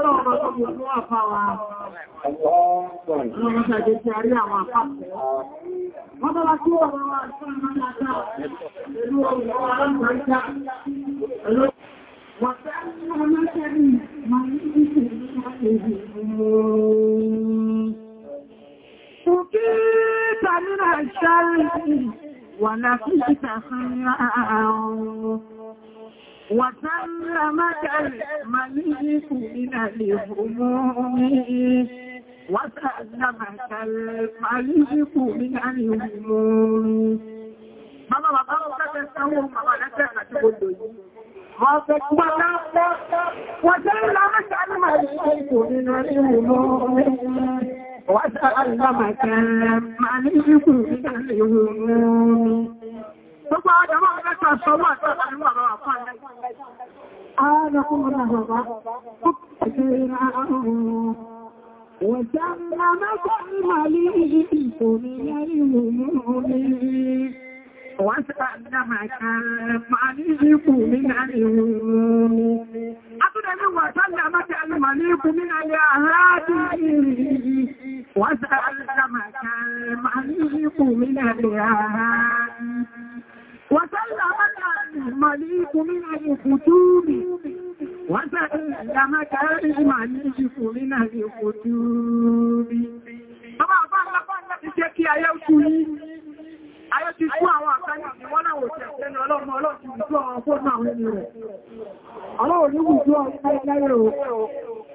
tọ́lọ̀ ọmọ tó mú ọdún àfá wa. Ọlọ́run ṣàjẹ́ ti àrí àwọn àpapọ̀. Wọ́n tọ́lá tí ó wọ́n wá sí ọmọ dáadáa, pẹ̀lú ọmọ aláǹgbàríkà, pẹ̀lú wọ́n tẹ́ ọmọ mẹ́kẹ́rin, máa ní ìṣẹ̀lẹ̀ ìṣẹ̀lẹ̀ ìṣẹ̀lẹ̀ ìṣẹ̀lẹ̀ وسلمك المليك من الهموم وسلمك المليك من Mama bàbá ọ̀pẹ́ fẹ́ sánwó màmá lẹ́fẹ́ àti gbogbo yìí. Wọ́n fẹ́ gbọ́ lápọ́, wọ́n tẹ́ lámẹ́ta ní màlúkù Wọ́n tẹ́ lámẹ́ta ní màlúkù nínú rí ìwòmọ́ orí. Gbogbo àwọn ọmọ mẹ́ta sọmọ́ ní. Ààrẹ fún ọmọ bàbá, ó pẹ̀lú ààrùn. Wọ̀jánà mẹ́kọ̀ ní màálí ní yẹ́rì Wàtàdà màkà màálí الخليق من الفتوم وسألم كائم النجف من الفتوم Àwọn àbá ńlá láti jẹ́ kí ayé oṣù yìí, ayé ti fún àwọn àkáyà tí wọ́n náà ti wùjú àwọn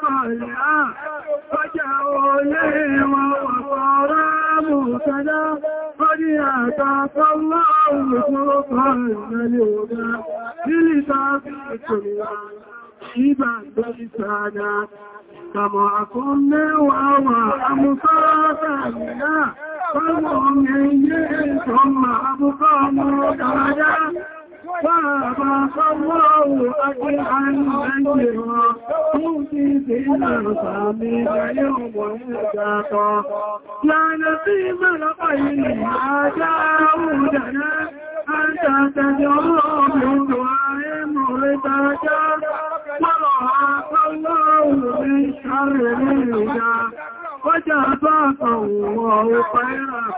صالحا فجعوا لهم وقراموا كذا قد أتاك الله سلطان مليودا للتعفي كل عيبا بلسانا كما كنا وهو أمصاصنا فالمؤمنين ثم أبقى مرتاجا فأباح الله أجمعا أجرا توفي في المصابيح يوم الزكاة لا نقيم لغير ما جاودنا أنت تجرى من دعاء مرتجا وضعك الله من شر الرجال وجعب الله خير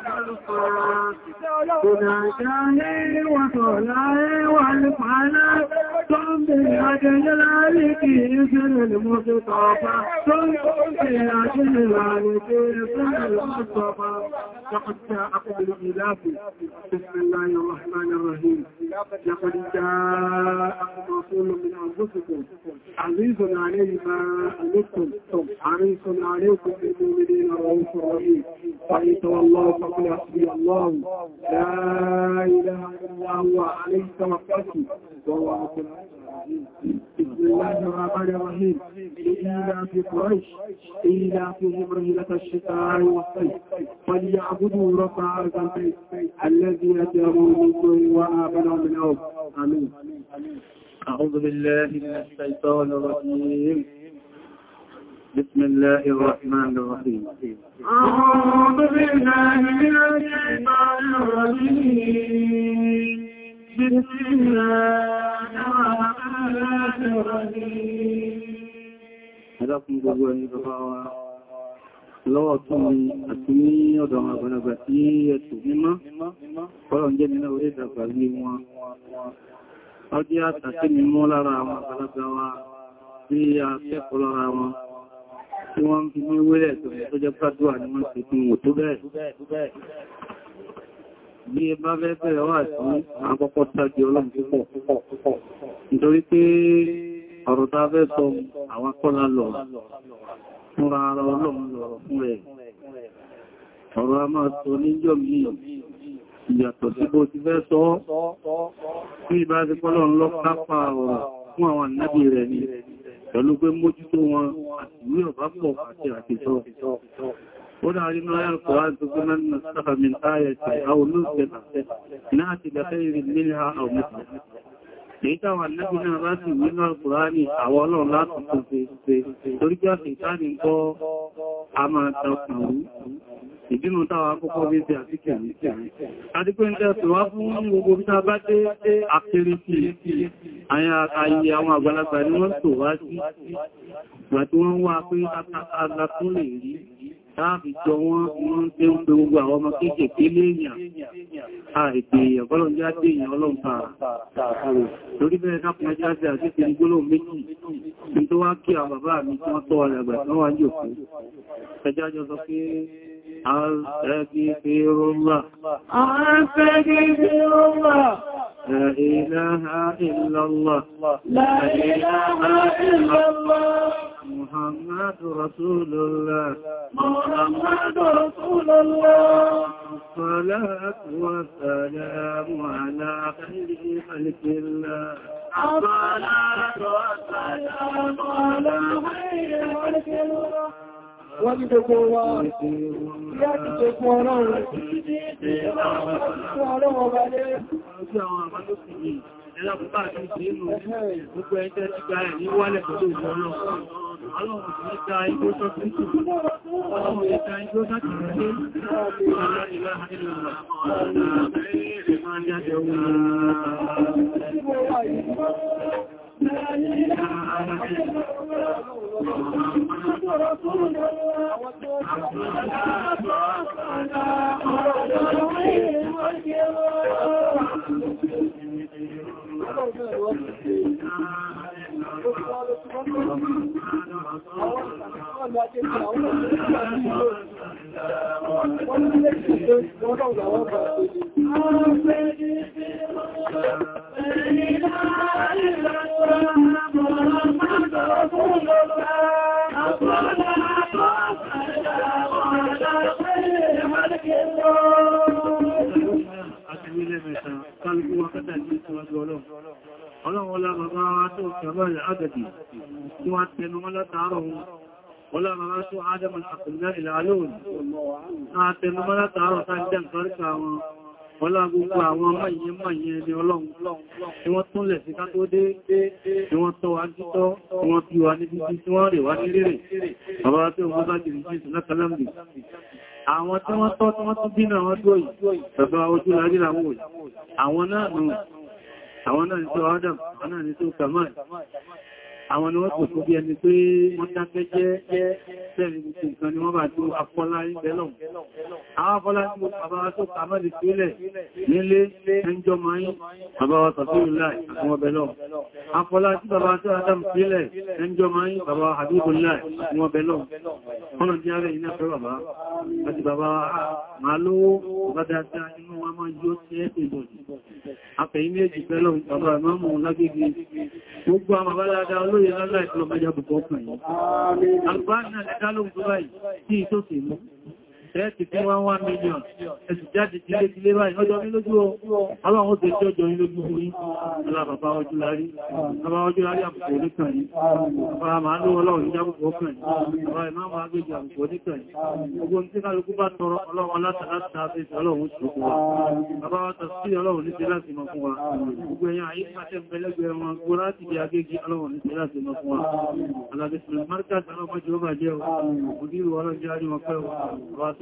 خلقا بناجاه وطلاه والفعلاء ثم بأجل العليك يسر المصطفى ثم بأجل العليك يسر المصطفى لقد جاءكم الإلاف بسم الله الرحمن الرحيم لقد جاءكم رسول من أنفسكم عزيز عليه ما أنتم حريص عليكم المؤمنين رؤوف رحيم فإن الله فقل حسبي الله لا إله إلا هو عليه توكلت وهو أقول بسم الله الرحمن الرحيم إلى في قريش إلى فيهم رهلة الشتاء والصيف فليعبدوا رب هذا البيت الذي أتاهم من دون وآمنوا من أوف آمين أعوذ بالله من الشيطان الرجيم بسم الله الرحمن الرحيم أعوذ بالله من الشيطان الرجيم بسم الله الرحمن الرحيم هدفنا بجوان بفاوة lọ́wọ́ tún ni àti ní ọ̀dọ̀ àgbàlagbà tí ẹ̀tù mímọ́ kọ́lọ̀ ń jẹ́ nínú orí ìdàgbà lé wọn ọdí àtàkì ni mọ́ lára àwọn àgbàlagbà wa tí a kẹ́kọ̀ọ́ lára wọn tí wọ́n ń fi ní wílẹ̀ tó jẹ́ pàdúwà ní wọ́n ti fún òtó bẹ́ẹ̀. Bí ẹ bá fẹ́ bẹ̀rẹ̀ wà sí àkọ́kọ́ tàbí ọlọ́run púpọ̀ nítorí pé ọ̀rọ̀ ta fẹ́ sọ àwọn akọ́lá lọ fúnra ara ọlọ́run lọ̀rọ̀ fún rẹ̀. Ọ̀rọ̀ a máa sọ tí ìbá ti pọ́lọ̀ ń lọ pápá ọ̀rọ̀ fún àwọn ànábì rẹ̀ ni pẹ̀lú pé mójútó wọn àtìwé ọ̀bá pọ̀ àti àtìsọ́ ó dárí ní ọyá kò wá tó gúnmọ́ nínú sáfà mi táyẹ̀ tí a ò ní ìṣẹ́ náà ti dẹ̀fẹ́ ìrìn nílẹ̀ àwọn mẹ́ta èyí táwọn ànábì náà bá sì wí náà Kùránì àwọn ọlọ́run láti tó ṣe torí pé àṣìkáàní ń kọ́ a máa tọkàn ìdínú táwà kọ́kọ́ bí i àti kìí àdíkún jẹ́ tòwá fún gbogbo bí ta bá dé àkèrè sí ayé àwọn àgbàlagbà ní wọ́n tòwá sí ìgbà tí wọ́n wá pé àtàkùn lè rí táàfi jọ wọ́n wọ́n tẹ́ ń pe gbogbo àwọn ọmọ kéèkèé léèyàn àìpé ọ̀pọ̀lọ̀ jẹ́ àti èèyàn ọlọ́mpàá lórí bẹ́ẹ̀ kápùn ẹjá sí àti ti gbóló méjì tí tó wá kí àwọn bàbá mi tí wọ́n tọ́ àrẹ̀gbà tí wọ́n wá ní òkú ẹjá jọ sọ لا إله إلا الله لا إله إلا الله محمد رسول الله محمد رسول الله الصلاة والسلام على خير خلق الله الصلاة والسلام على خير خلق الله Wọ́n ní gbogbo wa láti ṣe fún ọlọ́run, fún ọlọ́run ọba lé. Ọjọ́ àwọn àbálòsì yìí ẹlọ́pùpá àti ìsìnlú gbogbo ẹjẹ́ ti gba ẹ̀ ní wálẹ̀ pẹ̀lú ìjọ náà ọlọ́run ti dá igbó sọ́kùnkù ọlọ́run ti dá igbó sọ́kùnkù Àwọn tó Wọ́n ní ilé ìṣẹ́ ìjọ́ ìjọ́ ọlọ́gbà wọ́n bá ṣe عدم الأقلال العلون àtẹnumọ́ látàárọ̀ sáàjẹ́ ìfàríkà àwọn ọlá gbogbo àwọn mẹ́yẹ mẹ́yẹ ni ọlọ́run tí wọ́n túnlẹ̀ sí kátó dé tí wọ́n tọ́ wa títọ́ tí wọ́n fi wà ní bíbí tí wọ́n rẹ̀ wá ní rẹ̀ bàbá tí ó gbọ́gbá jìrì jésù lákàlámbì àwọn tí wọ́n tọ́ tí wọ́n tún bínú àwọn tó yìí bàbá ojú lárí làwọn àwọn náà nù àwọn náà ní tó Adam àwọn náà ní tó Kamal àwọn ni wọ́n tó fún bí ẹni pé wọ́n dákẹ́ jẹ́ sẹ́rin gbogbo nǹkan ni wọ́n bá tó afọ́lá ń bẹ́lọ̀. àwọn afọ́lá ń mú àbáwá tó kàmọ́ lè sílẹ̀ nílé ẹnjọ́ máyín àbáwá tàbílù láì àwọn bẹ́lọ̀. afọ́lá adam sílẹ̀ ẹnjọ́ máyín bàbá àdúgbò láì àwọn bẹ́lọ̀. ọ̀nà tí a rẹ̀ iná fẹ́ bàbá àti bàbá máa lówó bàbá dáadáa inú wa máa yóò tẹ́ ìbọ̀dì. afẹ̀yìn méjì bẹ́lọ̀ bàbá máa mú lórí aláìsí lọ máa yàbùkọ́ ọkùnrin. Àgbà náà lẹ́dá lóòrùn tó báyìí tí ìtòsì mú tẹ́ẹ̀tì tí wọ́n wá mílíọ̀n ẹ̀sì jáde ti lé ti lé báyìí ọjọ́ mi lójú ọlọ́run ó tẹ́ẹ̀tì ọjọ́ yìí lójú orí alábàbá ọjúlárí bàbá ọjúlárí àbùkù oníkàn yìí bàbá máa ló ọlọ́run ní àbùkù ọkàn yìí bàbá ìmá máa gbéjì àbùkù oníkàn yìí gbogbo tí kálukú bá tọrọ ọlọ́run látàlátà àfẹ́sì ọlọ́run sọ fún wa bàbá wa tàbí ọlọ́run ní tẹ́lá sí mọ fún wa gbogbo ẹ̀yàn ayé pàṣẹ mẹ́lẹ́gbẹ̀ẹ́ wọn gbogbo láti di agégi ọlọ́run ní tẹ́lá sí mọ fún wa alábẹ́sìlẹ̀ markaz ọlọ́mọdé ó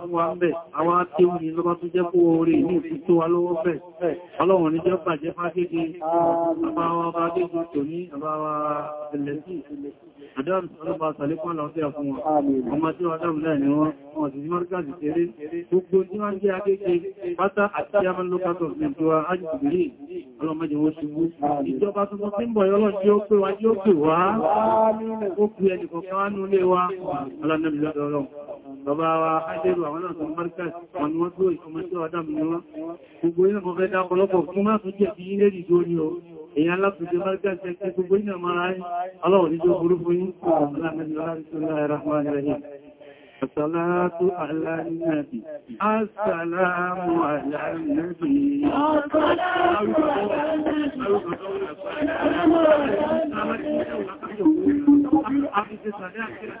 fún wa ń bẹ̀ àwọn tí ó ní lọ́bá tó jẹ́ kó orí ní ìfún tó wa lọ́wọ́ bẹ̀ ọlọ́run ní jẹ́ bàjẹ́ fágége àbáwà fágége tò ní àbáwà ẹlẹ́sì Adam ọlọ́pàá sàlékún àwọn ọ̀sẹ̀ fún wọn. Ọmọ tí wọ́n dámù láì ní wọ́n, wọ́n ti mọ́ríkàzì kéré. Gbogbo tí wọ́n jẹ́ akéèké pátá àti German local government tó wá ájìbìlì ọlọ́mọdé wọ́n ṣubú. Ìjọba tuntun tí ń bọ̀ yọ́lọ́ tí ó pè wá tí ó pè wá. Ó pè ẹnìkọ̀ọ̀kan wá nílé wa, ọlọ́nàbì lọ́dọ̀ ọlọ́run. Bàbá wa Ajẹ́rù àwọn náà tún Márkàsì, wọn ni wọ́n tó ìkọmọ tí wọ́n dámù ní wọ́n. Gbogbo ilẹ̀ mọ́fẹ́ dá ọ̀pọ̀lọpọ̀ fún máa tún jẹ́ bí ilé ìdó ni ó èyàn alákùnjẹ márùkàṣẹ́ kí gbogbo iná mara ayé aláwọ̀ níjọ burúkú yí As-salatu ala Àṣọ́lá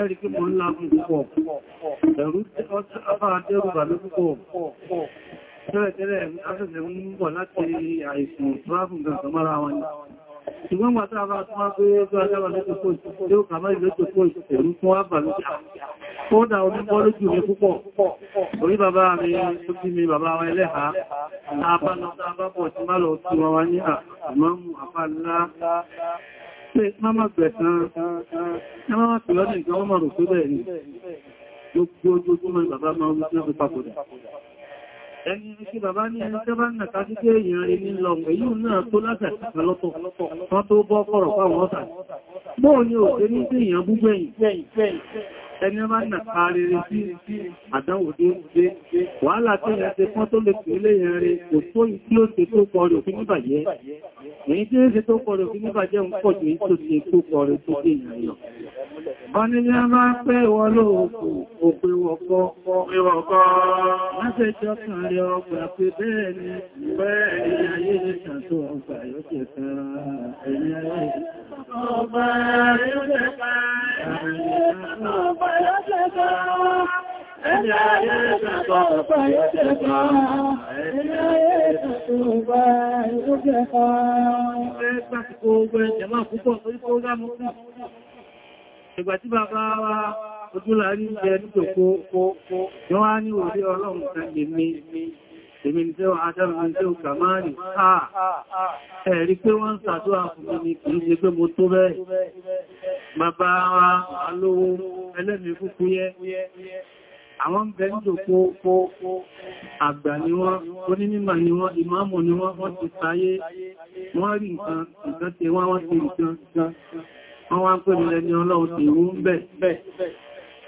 ẹ̀rí kí mọ̀ ńlá fún púpọ̀ ẹ̀rú ọba àdẹ́rù bà ní púpọ̀ tẹ́rẹ̀tẹ́rẹ̀ afẹ́fẹ́ ń bọ̀ láti àìsàn tráfù gbẹ̀sọ̀ mọ́ra wọn ni ṣùgbọ́n wà tí a bá tún wá pé tó ajábà lẹ́tọ̀ fún ìṣẹ́ tí ó kà máa ìlẹ́tọ̀ fún ìṣẹ́ ẹ̀rú fún àbà lójà ó dá orí bọ́ lójú mi púpọ̀ orí bàbá mi tó bí mi bàbá wá ní pé máma gbẹ̀sán ẹmọ́ máa pìlọ́dì nǹkan wọ́n mọ̀rọ̀ tó bẹ̀ẹ̀ ni gbogbo ojoojúmọ́ bàbá máa ń mú papòdà ẹni kí bàbá ní ẹni tẹ́ bá ń nà kájú pé èèyàn rẹ̀ ní lọ èyí náà tó látàkà lọ́tọ̀ wọ́n tó bọ́ kọ̀rọ̀ fáwọn ọ̀tà bóò ni òṣèlú sí èèyàn búgbẹ̀yìn ẹni ọmọ nà ààrẹrẹ sí àdánwò tó ń gbé wàhálà tí ìyẹn ti fọ́n tó lè pè lè yẹn rẹ̀ kò tó tí ó ṣe tó kọrọ̀ òfin níbàjẹ́ èyí tí ó ṣe tó kọrọ̀ òfin níbàjẹ́ ń pọ̀ jù tó ṣe tó kọrọ̀ tó dé ìrìnlọ wọ́n rẹ̀ ọgbà pé bẹ́ẹ̀ ni فيتقى tí bàbá wa ojúlà ìjẹ́ nítòkó, yọ́n á ní òrí ọlọ́run kan mi èmi ní tẹ́wọ̀n aṣẹ́rùn àjẹ́ òkà máa nì àà ẹ̀rí pé wọ́n ń sàtọ́ àfúnmi ni kìí ṣe pé mo tó bẹ́ẹ̀ bàbá wa alówó ẹlẹ́mìí fúkú yẹ àwọn ń bẹ níjòkó kó àgbà ni wọ́n onímọ̀ ni wọ́n ìmáàmù ni wọ́n wọ́n ti sáyé wọ́n rí nǹkan nǹkan tí wọ́n wọ́n ti nǹkan wọ́n wá ń pè ní ẹni ọlọ́run tèwú ń bẹ̀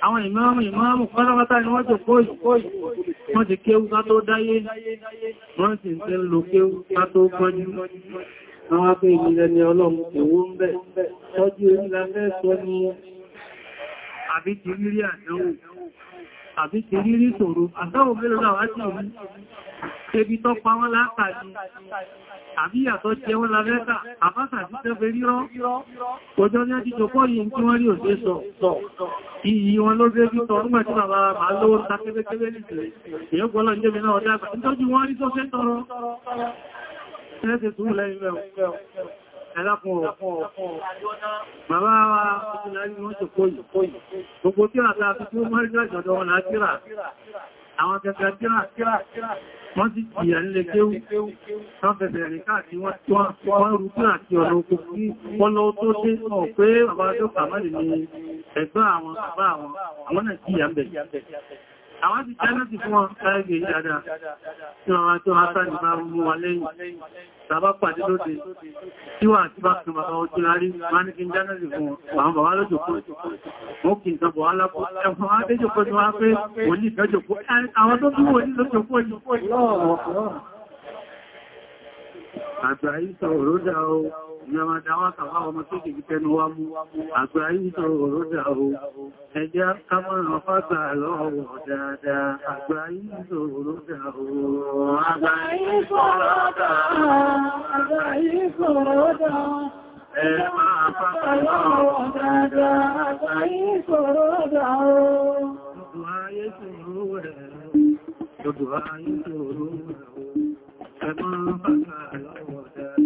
àwọn ìmáàmù ìmáàmù pátápátá ni wọ́n tó kóyì wọ́n ti kéwú ká tó dáyé wọ́n sì ń tẹ́ lò kéwú ká tó kọjú àwọn apé ìlẹ̀ ni ọlọ́run èwo ń bẹ tọ́jú orílẹ̀ fẹ́ sọ ní Ebi tó pa wọ́n látàrí, àbí àtọ́ jẹ wọ́n lábẹ́ta, àbátà sí tẹ́fẹ́ rírọ́, ọjọ́ ní àti jòkó yìí tí wọ́n rí òṣè sọ, sọ, iyì wọn ló gbé bí tọrún mẹ́tí bàbá máa lówó takẹ́bẹ́kẹ́bẹ́ nìtìlẹ̀, èyí gbọ́lọ́ jẹ́ mi náà ọjá àgbà, ìtọ́jú wọ́n rí tó fẹ́ tọrọ, Bàbá wa ọdún láyé wọ́n ṣe kóyì, àwọn kẹta kíra kíra kíra wọ́n ti ìyà nílé kéwú tán fẹ̀fẹ̀ rìn káàkiri wọ́n tí wọ́n rú kíra àti ọ̀nà oko kí wọ́n lọ tó dé ọ̀ pé bàbá tó kà mọ́lì ẹgbẹ́ àwọn bàbá àwọn àwọn náà kí ìyà ń bẹ̀ àwọn ti tẹ́lẹ̀ ti fún wọn káàkì ìjádá tí wọ́n wá hátà ní bá mú wa lẹ́yìn tàbá pàdé lóde tí wà tí bá tún bàbá ojú rárí máa ní kí n jáná sí fún àwọn wọ́n pé lójòkó ìyàwó dáwà kàwà ọmọ tó kìí tẹnu wá mú àgbà ìsọ ọ̀rọ̀ dáwò ẹjá kámọ́ràn fàgbà lọ́wọ́ dáadáa àgbà ìsọ ọ̀rọ̀ dáwò àgbà ìsọ ọ̀rọ̀ dáwò àgbà ìsọ ọ̀rọ̀ dáwò ẹ máa fàgbà lọ́wọ́ dáadáa àgbà ìsọ ọ̀rọ̀ dáwò Gbogbo ayé ṣòro rẹ̀, ẹ máa ń bá àlọ́wọ̀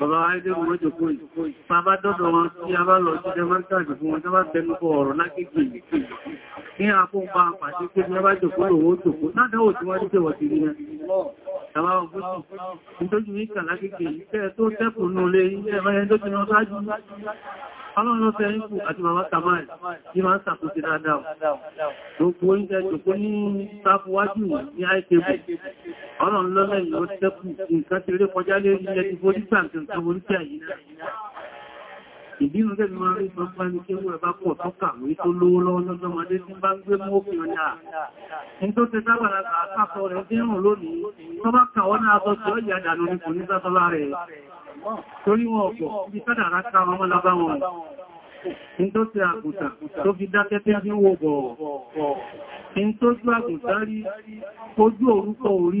Bàbá Aidéhùn mọ́jọ kó yìí. Bàbá dọ́dọ̀ wọn tí a bá lọ sí Dẹ́mọ́ntàjì fún wọn tó bá tẹnu kọ ọ̀rọ̀ lágbègbè yìí. Ní àpọ̀ bá pàṣẹ pé ní ọba jòkó lòwó jòkó, ládẹ́wò tí wọ́n ní pé wọ́n ti rí rẹ̀. Bàbá ọgbọ́sùn, nítorí ní kà lágbègbè tó tẹ́kùnú lé ilé ẹ̀mọ́ Ọlọ́run fẹ́ ríkù àti màmá Kamal ní máa ń sàkóso dáadáa. Gbogbo oúnjẹ jòkó ní sáfúwájú ní àìkébù. Ọlọ́run lọ́lẹ́ ìwọ́ tẹ́kù nǹkan ti rí kọjá lé ilẹ̀ ti forí gbàǹkì nǹkan orí kí àyíká. Ìbínú tẹ́bí máa rí sọ fún ẹni kí wọ́n ẹbá pọ̀ tọ́kà wí tó lówó lọ́wọ́ lọ́jọ́mọdé tí bá ń gbé mú òfin ọjà. Ní tó tẹ sábàlá àkàkọ́ torí wọn ọ̀pọ̀ bí sọ́dà ráta ọmọ lábá wọn ní tó ti àgùntà tó fi dákẹ́ tí a fi ń wo bọ̀ọ̀ ní tó jú àgùntà rí ojú orúkọ orí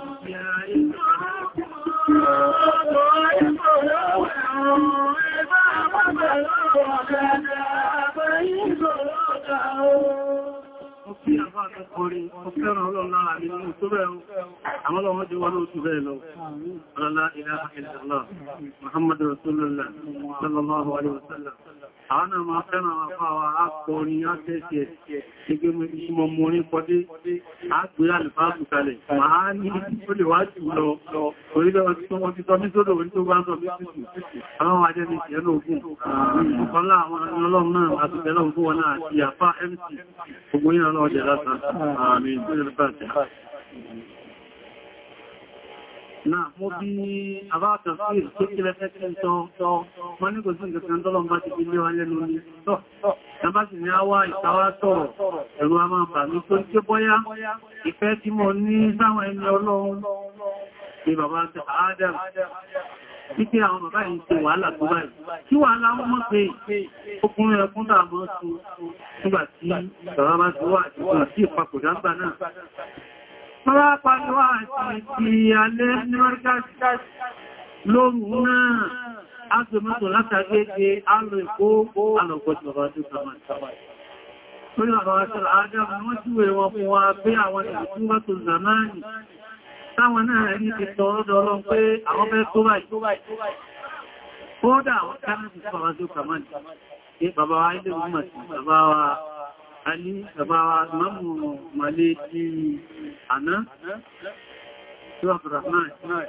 àwọn ọlọ́wọ́ ti wọ́n oṣù bẹ́ẹ̀ lọ la ilaha illallah muhammadu rasulullah sallallahu alaihi wasallam àwọn àmà fẹ́ràn àpáwà akọrin àtẹ́sẹ̀ ẹgbẹ́ ìṣmọ̀ mọ́rin pọ́dé àgbé alìfáàtù kalẹ̀ máa ní ó lè wájú lọ orílẹ̀ ọdún tó wọ́n ti sọ ní sódò orí tó bá ń sọ bí títù àwọn ajẹ́ ní ìṣẹ́ lóògùn náà mú bí àbáàkà sí ìrìsó kí lẹ́fẹ́ kí ń sọ wọ́n ní kò sí ìgbẹ̀kan tọ́lọ́m bá ti fi lé wa lẹ́nu ní tọ́ tàbá sì ní àwá ìtawá sọ̀rọ̀ ẹ̀rù a máa bà mí tó ń ké bọ́yá ìfẹ́ tí mo ní sáwọn ẹni ọlọ́run ní bàbá Adam títí àwọn bàbá yìí ṣe wàhálà sí ìpapòdá gbà náà Pálápàá àti alẹ́ ní Mọ́ríkàṣíkà lóòrùn náà, a tó mọ́tò látàgéje alò ìkó alọ̀gbọ̀dì bàbá tó kàmà sáwà. Orí àwọn aṣọ́lá Adam wọ́n júwe wọn fún wa pé àwọn ìrìnkúnmọ́tò Zamani, táwọn náà rí ti tọrọ́dọ̀ ọlọ́ pé àwọn fẹ́ tó Ali ẹ̀bára mọ́mù màlé tí àná tí wà fìrà náà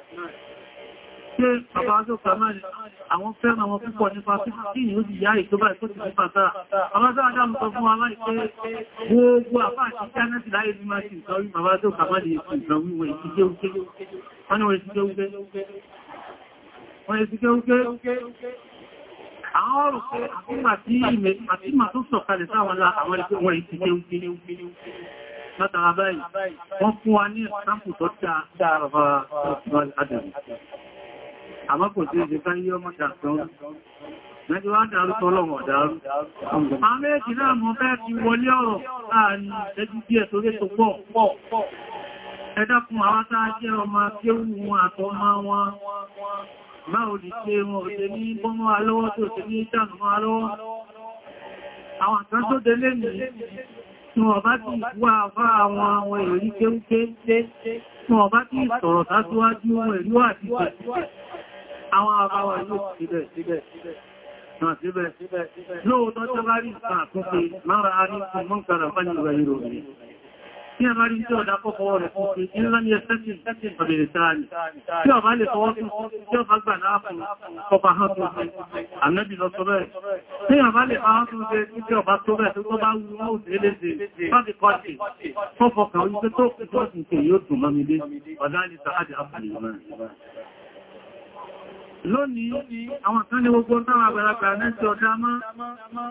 ṣe bàbá tó kàmà àwọn fẹ́ràn wọn púpọ̀ nípa kí ni ó ti yá ìtọ́bà ìkó ti nípa tàà àwọn tó àjá mọ́ fún wa láì pé gbogbo àpá àti kẹ́nẹ́tì láyé bí máa ṣe ìtọ́rí bàbá tó kàmà lè ṣe ìtọ́wíwẹ̀ àwọn ọ̀rọ̀ pé àtìmà tí ìmẹ̀ àtìmà tó sọ̀kalẹ̀ sáwọn àwọn ẹgbẹ́ wọ́n ìtìkẹ́ látara báyìí wọ́n fún wa ní ẹ̀sánpù tó dáàrà adàmì àmọ́ kò tí ìjẹ́ ká yíó mọ́ta tán mẹ́jọ wá dárú tọ́lọ̀wọ̀ dárú àwọn méjì náà mọ́ fẹ́ ti wọlé ọ̀rọ̀ láàrin ẹjú díẹ̀ tó rẹ́ tó pọ̀ ẹ̀dàkùn àwọn tàà jẹ́ ọmọ akéwù wọn àtọ́mọ́ wọn báwo ni ṣe wọn ò ṣe ní bọ́mọ́ alọ́wọ́ tí ò ṣe ní ìjànù mọ́ alọ́wọ́ àwọn kan tó délé ní tí wọ́n bá ti wá fá àwọn àwọn èrí kéúké tí wọ́n bá ti sọ̀rọ̀ sátíwájú wọn èrí wà ti tẹ̀ àwọn àbáwà yóò síbẹ̀ tí a bá rí tí ọ̀dá kọ́kọ́ rẹ̀ fún sí ńlá ní ẹ̀sẹ́sìn tẹ́sìn pàbẹ̀rẹ̀ sáàrì tí ọ̀bá lè fọwọ́ fún tí ọ̀bá gbà láàpùn kọpa hàn tó fẹ́ àmẹ́bì lọ sọ bẹ́ẹ̀ tí ọ̀bá lè fọwọ́ fún jẹ́ tí tó bẹ́ẹ̀ tó bá lónìí àwọn kan ní gbogbo táwọn àgbàlagbà náà ti ọ̀dá máa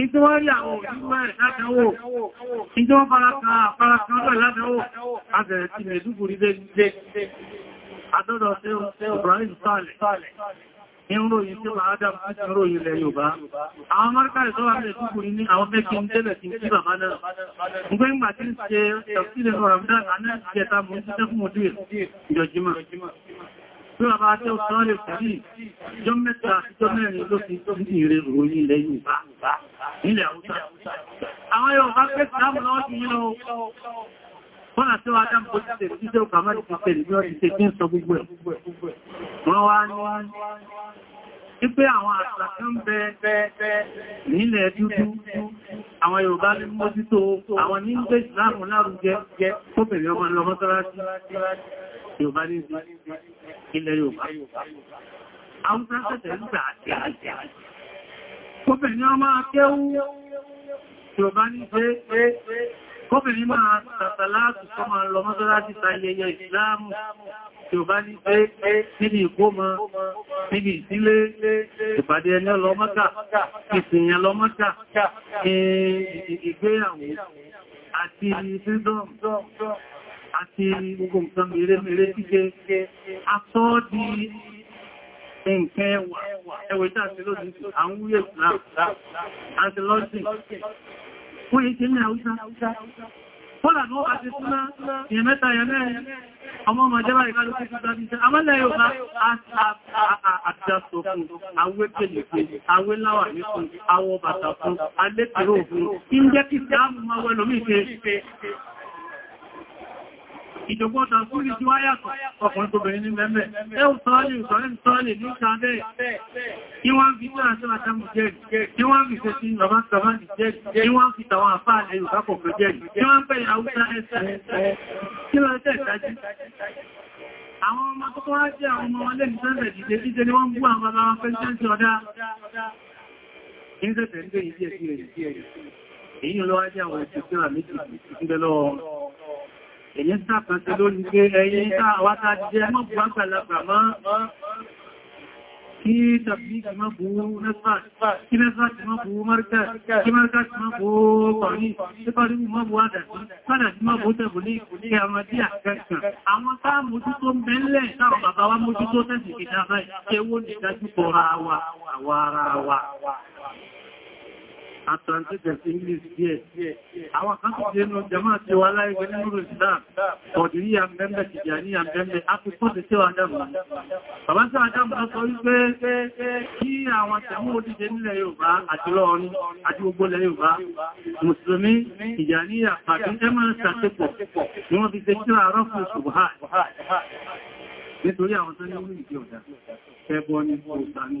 Ìtí wọ́n rí àwọn òṣìṣẹ́ ìlàdánwò, ìjọ faraka faraka ọlọ́ ìlàdánwò, a bẹ̀rẹ̀ ti Mẹ̀dúgùrí dé àdọ́dọ̀ tí ó Ibrahim Sálẹ̀, ìròyìn tí ó Adam ìròyìn ilẹ̀ Yorùbá. Àwọn Amẹ́ríkà ìsọ́wà Mẹ̀dúgùrí ní àwọn mẹ́kí ń tẹ́lẹ̀ sí kí bàbá náà. Gbé ń gbà tí ń ṣe ẹ̀sílẹ̀ Súra bá tẹ́ òṣèrán lè tàbí jọ mẹ́ta jọ mẹ́rin ló fi tó ní ìrẹ òní ilẹ̀ Yorùbá nílẹ̀ Àwúsá. Àwọn Yorùbá pẹ́ ìdámù lọ́wọ́ ti yílọ Fọ́nà tí wá dámù tó ti tẹ̀ títẹ́ òkàmọ́ ti tẹ̀lẹ̀ bí wọ́n ti tẹ̀ tí ń sọ gbogbo ẹ̀. Wọ́n wá ní wípé àwọn àṣà tó ń bẹ nílẹ̀ dúdú àwọn Yorùbá ní mójútó àwọn nígbé ìsìláàmù lárugẹ tó bẹ̀rẹ̀ ọmọ Yorùbá ní ilẹ̀ Yorùbá. Àwọn sẹ́sẹ̀ ń gbà àti àti àti. Kóbìnrin ọmọ akẹ́wú Yorùbá ní pé kóbìnrin máa tàtà láàtù kọ́ máa lọ mọ́sálásí ta ilẹ̀ Ìsìláàmù Yorùbá ní pé níbi ìkómọ, níbi ìsílé, ìpàdé ẹni ọlọ́mọ́ta, ìsìn ọlọ́mọ́ta, ìgbéyàwó àti freedom àti gbogbo nǹkan mèrè síké asọ́ di nǹkan ẹwà ẹwẹ̀ tí a ti lọ́dún sí àwọn wúyẹ̀ àti lọ́sìn wọ́n yìí tí ní àwúsá Fọ́là ló wá ti súnmá ìyẹn mẹ́ta ìyẹn mẹ́rin ọmọ ọmọ jẹ́bà ìkàlù ti ṣúgbà bí i ṣe. Amọ́lẹ̀ yóò bá àjásọ fún, àwé pèlè fún, àwé láwà ní fún, àwọ bàtà fún, alẹ́kẹ̀ẹ́ ìjọgbọ́ta fúrí tí wá yàtọ̀ ọkùnrin tó bẹ̀rẹ̀ ní mẹ́mẹ́ ẹ̀hùn sọ́ọ̀lì ìsọ̀lẹ̀ sọ́ọ̀lì ní ṣàbẹ̀ kí wọ́n fi tí àṣẹ àṣàmù jẹ́rì kí wọ́n fi tẹ́sí bàbá sàmàdì jẹ́rì kí wọ́n fi tàwọn àfáà lè rùkà kọ̀kọ̀ jẹ́rì kí wọ́n bẹ̀rẹ̀ àwúsá ẹ̀sẹ̀ kí wọ́n tẹ́ ìtají àwọn ọmọ tó kọ́ wá jẹ́ àwọn ọmọ wọn lẹ́nu sẹ́sẹ̀ dìde jíjẹ ni wọ́n bú àwọn bàbá wọn pẹ́sẹ́ntì ọ̀dá ìrìnsẹ̀sẹ̀ ń gbé ìdí ẹ̀sí rẹ̀ èyí lọ́wọ́ jẹ́ àwọn òṣìṣẹ́ àmì ìgbẹ́lọ́wọ́ èyí sáfà sí lórí pé ẹ̀yìn àwátá jẹ́ mọ́ bá pàlàpà mọ́ kí tàbí kí mọ́ bú nẹ́sà kí nẹ́sà kí mọ́ bú mọ́ríkà kí mọ́ríkà kí mọ́ bú pàrí tí pàrí mọ́ bú àdàtí padà tí mọ́ bú tẹ̀bù ní ìkùnlé àwọn tí àkẹ́kàn Atlantic English díẹ̀. Àwọn kan ti jẹ́ náà jẹmọ́ àti wà láìwẹ̀ nínú Islam, ọ̀dìrí àmẹ́mẹ́ ti jà ní àmẹ́mẹ́ akùkọ́dé tí ó Adamu. Bàbá tí Adamu sọ wípé kí àwọn tẹ̀mú òdíje nílẹ̀ Yorùbá àti lọ́ọ̀rin àti gbogbo ilẹ̀ Yorùbá, Mùsùlùmí, Ìjàníyà, Pàdé, Ẹmọ́ ṣàtẹ́pọ̀, ni wọ́n fi ṣe kí àárọ̀ fún ṣùgbọ́n nítorí àwọn tó ní orí ìdí ọ̀dá, ẹbọ ni, òṣà ni,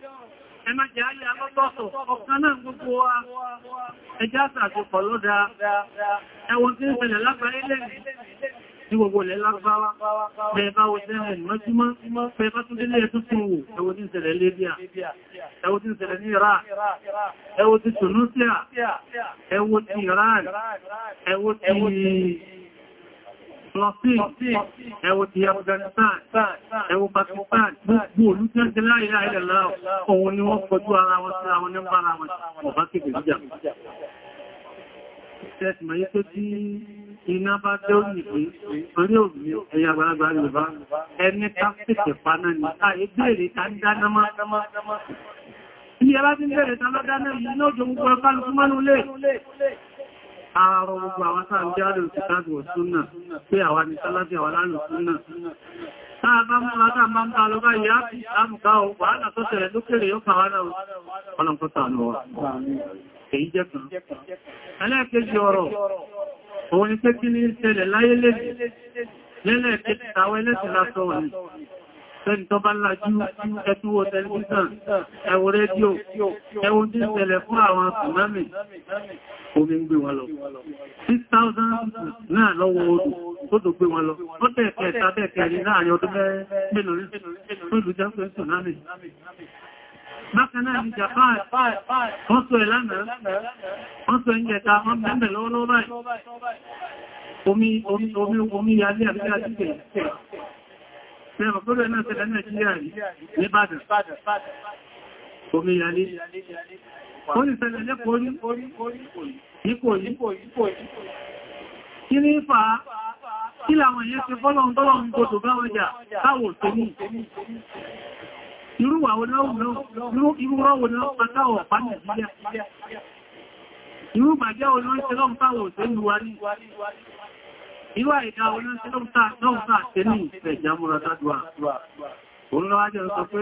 ẹmá jẹ́ ayé alọ́tọ́sọ̀ ọ̀kan náà gbogbo wa ẹjá sàtọ̀pọ̀ lọ́dá ẹwọ́n tí ń ṣẹlẹ̀ lágbàáyé lẹ́yìn ní gbogbo ilẹ̀ lágbàáwá bẹ̀ẹ̀bá wo sẹ́rẹ̀ mọ́júmọ́ bẹ̀ẹ̀bá tún délé ẹ̀tún fún wò ẹwọ́ tí ń ṣẹlẹ̀ Libya ẹwọ́ tí ń ṣẹlẹ̀ ní Iraq ẹwọ́ ti Tunisia ẹwọ́ ti Iran ẹwọ́ ti ẹwọ ti Afghanistan ẹwọ Pakistan gbogbo olùjẹ́ láìlá ìlẹ̀lá ọ̀hun ni wọ́n kọjú ara wọn sí àwọn nípa ara wọn ọ̀bá kèfèé jíjà tẹ́sìmọ̀ yí pé tí iná bá jẹ́ òyìnbí orí òmí ẹ̀yà àgbàlagbà Yorùbá ẹni tásìkẹ̀ paná ní ààyè bèèrè ta ń dáná máa Ilé ẹlá ti ń bèèrè ta lọ́dáná gbogbo ẹkálùkú mánú lè àárọ̀ gbogbo àwọn tàà jẹ́ àrùn kìtàbù òsúnnà pé àwọn ni sálábí àwọn láàrín òsúnnà táà bá mú látà máa ń bá lọ bá ìyá àmùká o wàhálà tó tẹ̀lẹ̀ lókèrè yóò kàwà náà ọlọ́nkọ́ta lọ èyí jẹ́ kan ẹlẹ́ẹ̀kejì ọ̀rọ̀ òun ni pé Tẹ́ni tó bá lájú ẹtúwò tẹlifíṣàn, ẹwọ rédíò, ẹwọ tí ń tẹ̀lẹ̀ fún àwọn tsunami, omi ń gbé wọn lọ. 6,000 náà lọ́wọ́ odò, ó tó gbé wọn lọ. Ó tẹ̀ẹ̀kẹ́ tàbẹ̀ẹ̀kẹ́ láàrin ọdún mẹ́lò tsunami. Bákanáà ni Japan, wọ́n sọ ẹ̀ lánàá, wọ́n sọ ẹ̀ńjẹta, wọ́n mẹ́mẹ̀ lọ́wọ́lọ́wọ́ báyìí. Omi, omi, omi, omi, Kí ní fà á? Kí làwọn èèyàn ti fọ́lọ́un tọ́lọ́un gbogbo bá wọn jà káwò tó ní? Irú àwọn ìrúwọ́ náà pàtàwọ̀ pàtàwọ̀ pàtàwọ̀ Irú bàjẹ́ olóòṣèlọ́m táwò tó lùwárí. Ìwà ìdá olóṣèlú náà tẹ́ ní ìfẹ́ ìjámúra tàdùwà. Òun lọ ajẹ́ sọ pé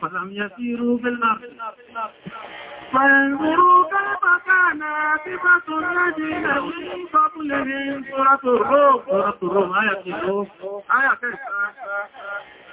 فلم يسيروا في الأرض فانظروا كيف كان عاقبة الذين من قبلهم سورة الروم سورة الروم آية الروم آية كيف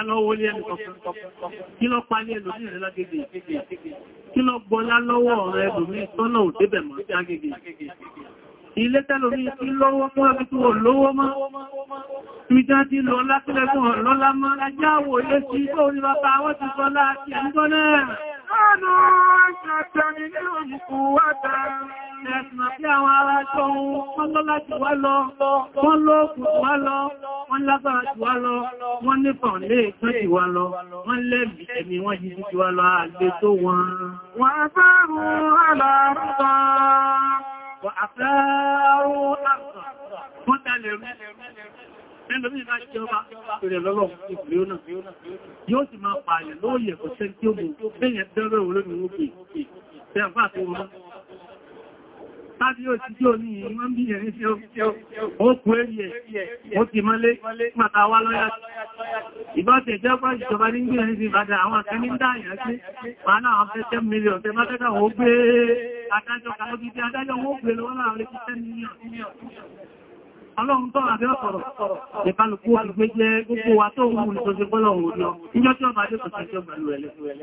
ẹlọ owó lé ẹnu kọ̀ọ̀kan kí lọ pa ní ẹlòmí rẹ̀ lágége kí lọ gbọ́lá lọ́wọ́ rẹ̀ ẹlòmí tọ́nà òdébẹ̀ mọ́ sí agége ilé tẹ́lòmí tí lọ́wọ́ fún ẹbí tí wọ́n lówó mọ́ tí já ti lọ lápílẹ̀ fún ọ̀lọ́lá mọ́ ajáwò ilé sí ibò ní bàbá wọ́n ti sọ láti ẹ̀ńgọ́ náà Ọ̀nà àjọ̀tẹ̀mì ní òmùkú wà tàà. Ẹ̀sùn àti àwọn ará tó wọ́n lọ láti wá lọ, wọ́n lọ òkùn wá lọ, wọ́n lágbára jù wá lọ, wọ́n nípa lè tán jù wá lọ, wọ́n lẹ́bì ẹ̀mí wọ́n jí jù wá lọ àgbé tó wọn. Wọ́n afẹ́rù alárúgbà, wọ́n afẹ́rù àgbà, wọ́n tẹ́lẹ̀ rú ẹlòmí bá jọba pẹ̀lẹ̀ yóò sì tí ó ní ìwọ́n bí ẹni tí ó kú èrí ẹ̀ ó ti mọ́lé pàtà wá lọ́yà ìbọ́tẹ̀ jẹ́pá ìjọba ní gbé ẹni sí ìbádà àwọn akẹ́ni dáyà sí pàánà àwọn fẹ́tẹ́ mílíọ̀n tẹ́ mátẹ́ta wọ́n Ọlọ́run tọ́rọ àbẹ́ ọ̀pọ̀rọ̀, ìbálòpó ìgbẹ́gbẹ́ gbogbo wa tó wù ní tó ṣe lọ, ìjọ́ tí ọba dé kò sí ìjọba ẹ̀lẹ́.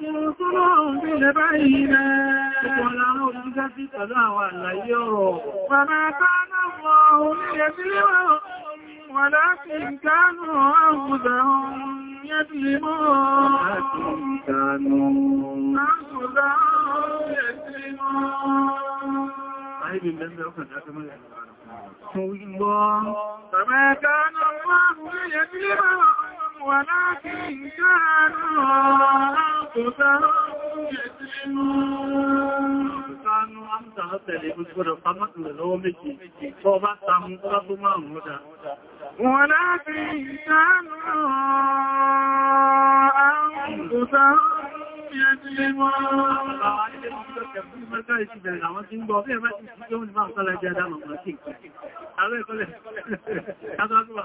ولكن كانوا أنفسهم يظلمون ولكن كانوا أنفسهم يظلمون عيب من ذلك فما كان الله ليظلمهم ولكن كانوا أنفسهم يسلمون Ìtànú àmìta ọ̀tẹ̀lẹ̀ gbogbo pàmọ́tìlẹ̀ lọ́wọ́ méjì tó bá sàmú ọdún márùn-ún ọdá. Wọ́n láti ìtànú àmìta ọ̀tẹ̀lẹ̀ gbogbo pàmọ́tìlẹ̀ lọ́wọ́ méjì tó bá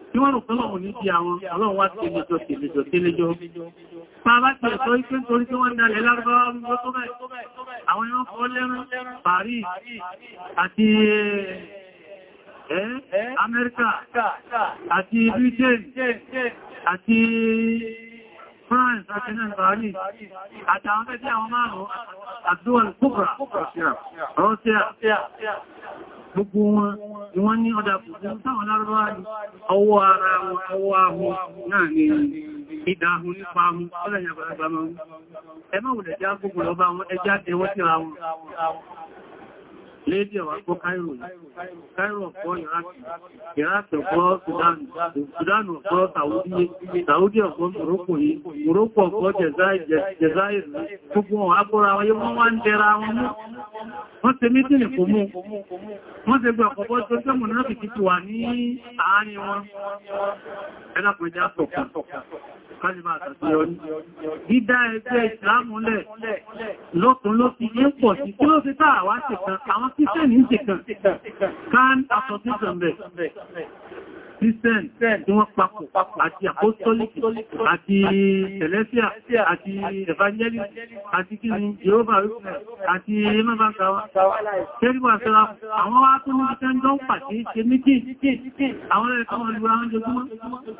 tí wọ́n rùn fọ́lọ̀ ní ti àwọn ọlọ́run wá ti lẹ́jọ́ ti lẹ́jọ́ ti lẹ́jọ́. Bá bá ti ẹ̀sọ́ ikẹ́ torí tí wọ́n dalẹ̀ lárúbáwá rúgbọ́ tó bẹ̀. Àwọn ẹran fọ́ lẹ́rán Paris àti Amẹ́ríkà àti Britain àti France àti náà Paris àtàwọn gbogbo wọn ni wọ́n ní ọdá fún táwọn lárọ́wà ọwọ́ ara wọn ọwọ́ ahun náà ni ìdáhun nípa ahun ọlẹ́yìn àgbàlagbà mọ́ ẹmọ́ wùlẹ̀ jẹ́ agbógun lọ wọn ẹjá tẹwọ́ síra wọn léèdì ọ̀wà gbọ́ Cairo Cairo ọ̀pọ̀ Iraq Iraq ọ̀pọ̀ Sudan Sudan ọ̀pọ̀ Saudi Saudi ọ̀pọ̀ Morocco yìí Morocco ọ̀pọ̀ Jazair gbogbo wọn agbóra wáyé wọ́n wá ń tẹ́ra wọn mú wọ́n ṣe mítìlì kò mú wọ́n ṣe gbé ọ̀pọ̀ tó tẹ́ mọ̀ náà fi kálìmà àtàkìyọrí. Dídá ẹgbẹ́ ìsìlámù lẹ̀ lọ́kùn ló ti ní pọ̀ sí kí ló ti tàà wá ṣe kan, àwọn kíṣẹ́ni ń ṣe kan, kan asọ̀tíṣàn bẹ̀. Christian tí wọ́n papọ̀ àti apostolic àti Celestia àti evangelist àti kíni Jehovah Witness àti Emmabanka wa. Tẹ́lúwà sọ́ra àwọn wá tó ní ṣe pàtí ṣe méjì àwọn ẹ̀kọ́ ọlúwà oúnjẹ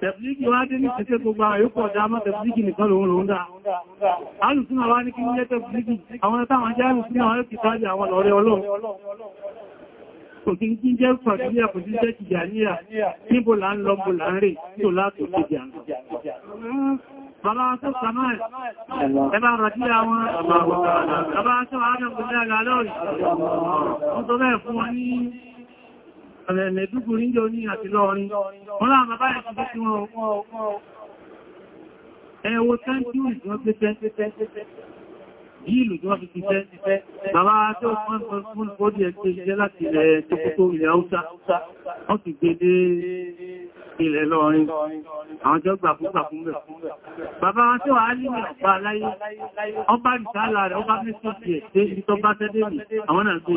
tẹ̀blígì wá dé ní ṣẹ́ṣẹ́ gbogbo àwọn yóò pọ̀dá mọ́ tẹ̀blígì nìkan lòun lòun dáa. alùsúnà wá ní kí ní jẹ́ tẹ̀blígì àwọn táwọn jẹ́ alùsúnà wá kì sáájú àwọn lọ́rẹ́ ọlọ́run ọ̀rẹ̀lẹ̀ dúgbùrí ń jọ ní àti lọ́rin wọ́n láàmà báyẹ̀ ti bẹ́ẹ̀ wọn ẹwọ tẹ́ntúrì tí wọ́n pé tẹ́ntẹ́tẹ́tẹ́ yílù tí wọ́n fi ti tẹ́ bàbá tí ó fún fún fún bọ́dí ẹ̀ ilẹ̀ lọ́rin àwọn tí gbà fún fún bẹ̀. Bàbá wọn tí wà á nílẹ̀ ọ̀pá aláyé, ọba ìtàlà rẹ̀, ọba mẹ́sìnkì ẹ̀ tí ìtọ́ bá tẹ́dẹ̀ mi, àwọn náà gbé.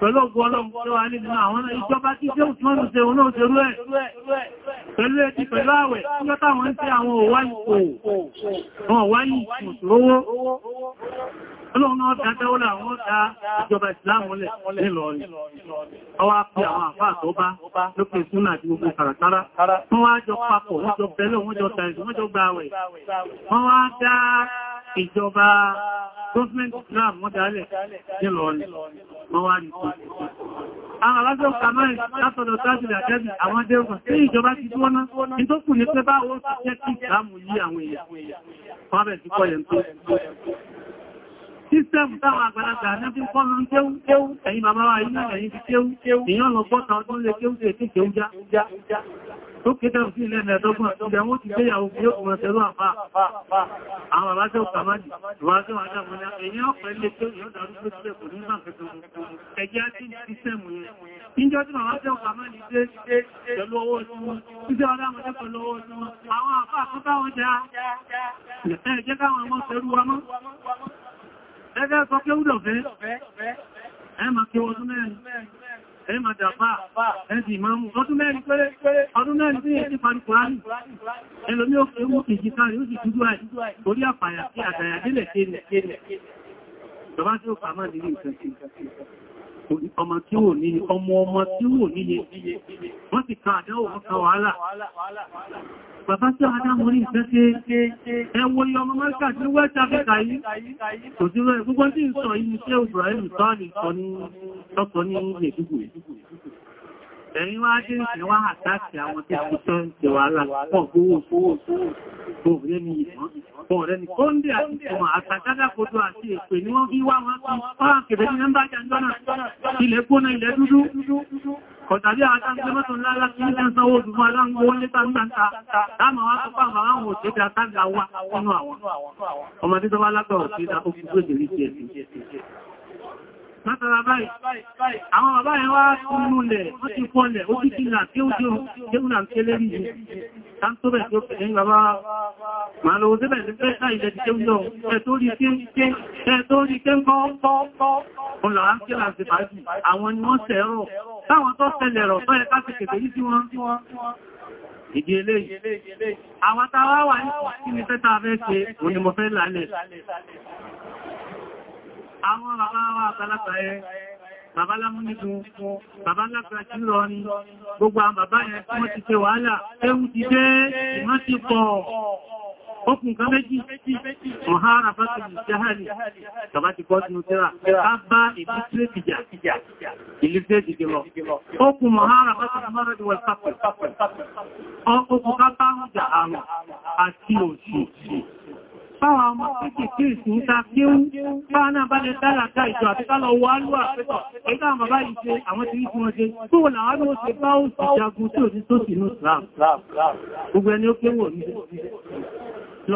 Pẹ̀lú ọgbọ́ ọlọ́run tí wà á nílẹ̀ Ọlọ́run ọdá dáwọ́lá àwọn ọdá ìjọba ìsìláàmù lẹ̀ nílọrin. Ọwá pí àwọn àfáà tó bá lókè súnà àti gbogbo kàràkárá. Wọ́n wá jọ papọ̀, wọ́n jọ bẹ̀lẹ̀, wọ́n jọ tàìsì, wọ́n jọ gba ìjọba gọ́ọ̀mẹ́ntì Islam wọ́n dálẹ̀ nílọrin. Wọ́n wá rí kú. Àwọn alájọ́ kàmáì látọ̀dọ̀ tábìlì àjẹ́bì àwọn dẹ́rùkọ̀ sí ìjọba ti dúọ́ná. Ní tó kù ní pé bá wọ́n ti jẹ́ kí ìsìláàmù Sísẹ́mù táwọn àgbàlagbà ní fi kọ́ lọ kéwú kéwú, ẹ̀yin màmá wa yìí ẹ̀yin fi kéwú kéwú, èèyàn lọ gbọ́ta ọdún lè kéwú sí èké kéwú já. Tó kéta sí ilẹ̀ ẹ̀dọ́gbọ̀n ọ̀tọ́gbẹ̀ wọ́n ti gbéyàwó bí ó kùnrin tẹ̀lú àpá. Àwọn bàbá tẹ́ òkà májì, ìwà tó wà dámọ́ ní èyàn ọ̀pẹ́ lè tó ìyọ́dàrú tó sílẹ̀ kò ní ìgbà kẹtù. Ẹjẹ́ á tí sísẹ́mù yẹn. Ìjọ́ tí bàbá tẹ́ òkà májì dé pẹ̀lú ọmọ Ẹgbẹ́ sọ pé ó dọ̀fẹ́, ẹ máa kí ọdún mẹ́rin, ẹ máa dàpá, ẹ sì máa mú ọdún mẹ́rin pẹ́lẹ́, ọdún mẹ́rin tí èyí parí Kùránì. Ẹlòmí ó fẹ́ mú kìí káàrí ó sì dúdú àì, torí àpàyà sí àdàyàdélẹ̀ ọmọ tí ò níye ọmọ ọmọ tí ò níye wọ́n ti ka àdáwò ọkà wàhálà bàbá tí a dámọ́ ní ìfẹ́ ẹwọ ilẹ̀ ọmọ mẹ́ríkà tí west africa yìí kò sí rẹ̀ gbogbo tí ń yìí ṣe Ibrahim Sani Ẹ̀yin wá jí ń wá àtàkì àwọn tí kú tán ti wà láàpọ̀ gbówó fówó fówó rẹ̀ ní ìmọ̀. Bọ̀ rẹ̀ ní kóndé àti ọmọ àtàkádà kojú àti èpè ní wọ́n bí wá wọn kan páàkì ní nọ́mbà jàndọ́nà ilẹ̀ gbóná ilẹ̀ dúdú. Kọ̀tàbí àtàkùnlẹ́mọ́tò ńlá látara àwọn bàbá yẹn wá túnú lẹ̀ ó ti pọ́lẹ̀ ó ti kí tí ó jẹ́ òun àti ẹlẹ́rí yìí tó bẹ̀ tó pẹ̀lẹ́ ní bàbá máa lọ òṣèbẹ̀ ní pẹ́ láì lẹ́ ti tẹ́ àwọn ni wọ́n sẹ̀rọ táwọn ni fẹ́ fẹ́ ṣe òní mo fẹ́ lálẹ̀ àwọn bàbá wa àtàlápàá ẹ bàbá lámúnitun bàbá lápàá tí lọ ní gbogbo àwọn bàbá ẹ tí wọ́n ti ṣe wàhálà ẹ̀hùn ti dé ìmọ́ ti pọ̀ Okùn kan méjì, ọ̀hára fásitì jahali, tàbá ti kọ́ sínú tíra, a bá ìlúsíré ìjà, ìlúsíré ìjẹ lọ. Okùn ọ̀hára fásitì mọ́rọ̀ báwọn ọmọ pẹ́kì tí ìsìn ta kéwú báwọn náà bá lè dáradá ìjọ àti kálọ wọ alúwà pẹ́tọ̀ ẹgbẹ́ àwọn bàbá àwọn tí wọ́n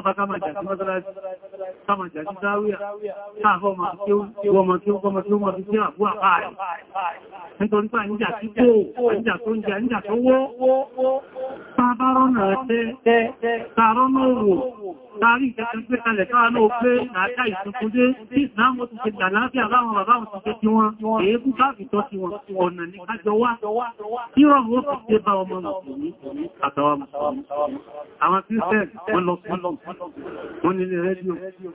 wọ́n làwọn sáàmàjà sí dáwíà sáàfọ́ ma tí ó ma tí ó kọ́ ma tí ó ma fi tí àbú àpáàrí nítorí pà níjà tí kó níjà tó ń jà níjà tó wó pàbárọ́nà tẹ́ tààrọ́nà náà pé nàájá ìsìnkúdé tí àwọn kírísẹ̀ wọ́n wọ́n nílé rédíò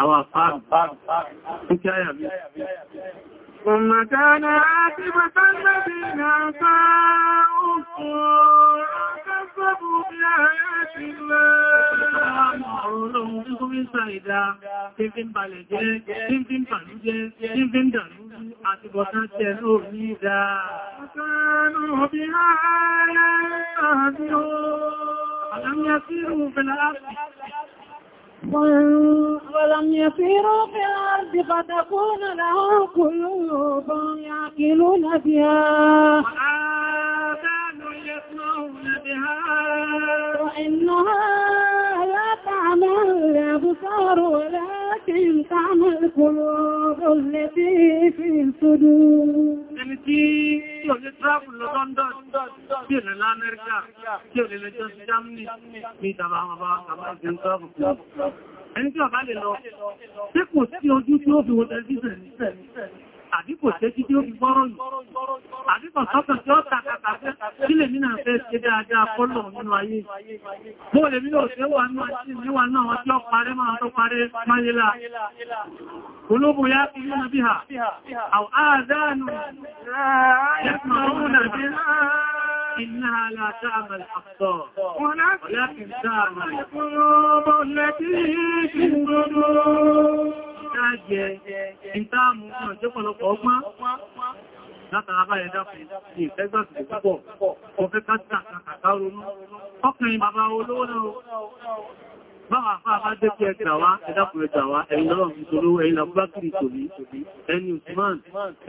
àwọn àpá ní kí àyà bí. Ọmọ̀kánà àti bàtàlẹ́bì náà bá òkú akẹ́sẹ̀bù bí ààrẹ ti lẹ́. Ọ̀rọ̀ olóhun tí kó ń sá ìdá, tí fi ń balẹ̀ jẹ́, tí fi ń pàlú jẹ́, tí fi ń dàrú àti bọ̀tán tí ẹ̀ ló ní ìdá. Ọmọ̀kánà bí ààrẹ ولم يسيروا في الأرض فتكون لهم قلوب يعقلون بها يسمعون بها وإنها لا تعمل الأبصار ولكن تعمل القلوب التي في الصدور ẹni tí tí ò lè travel lọ London tí ò lè lọ Amẹ́ríkà tí ò lè lọ jọsí Germany ní ìtàbà àwọn bá àbá ìjẹun travel ẹni tí ọ̀bá lè lọ tí kò sí ojú tí ó fi wo tẹlifíṣẹ̀ àdíkò tẹ́kí tí ó fi gbọ́rọ̀ yìí àdíkò sọ́kọ̀ tí ó tàkàtà fẹ́ sílẹ̀ nínú àfẹ́ ṣe dáadáa fọ́lọ̀ nínú ayé bó lè mílò ṣe wà ní àjíwà náà wọ́n tí ó parẹ́ máa tó parẹ́ máyélá olóbò yá fi yóò bí ha àwọn àádánù إنها لا تعمى الأبصار ولكن تعمى القلوب التي في الصدور Ìtàjẹ́ ìtààmù ọ̀nà tí ọ̀pọ̀lọpọ̀ ọgbọ́n látara bá ẹ̀dá fún ìfẹ́gbàsì púpọ̀, ọ̀fẹ́ káàkiri àkàkà ronú. Ọkùnrin bàbá olówó náà Báwọn àfáà bá jẹ́ kí ẹgbà wá, ẹ̀dàkùn ẹgbà wá, ẹ̀yìn lọ́wọ́ ìṣòro, ẹ̀yìn àbúbákìrì tòbí, ẹni Usman,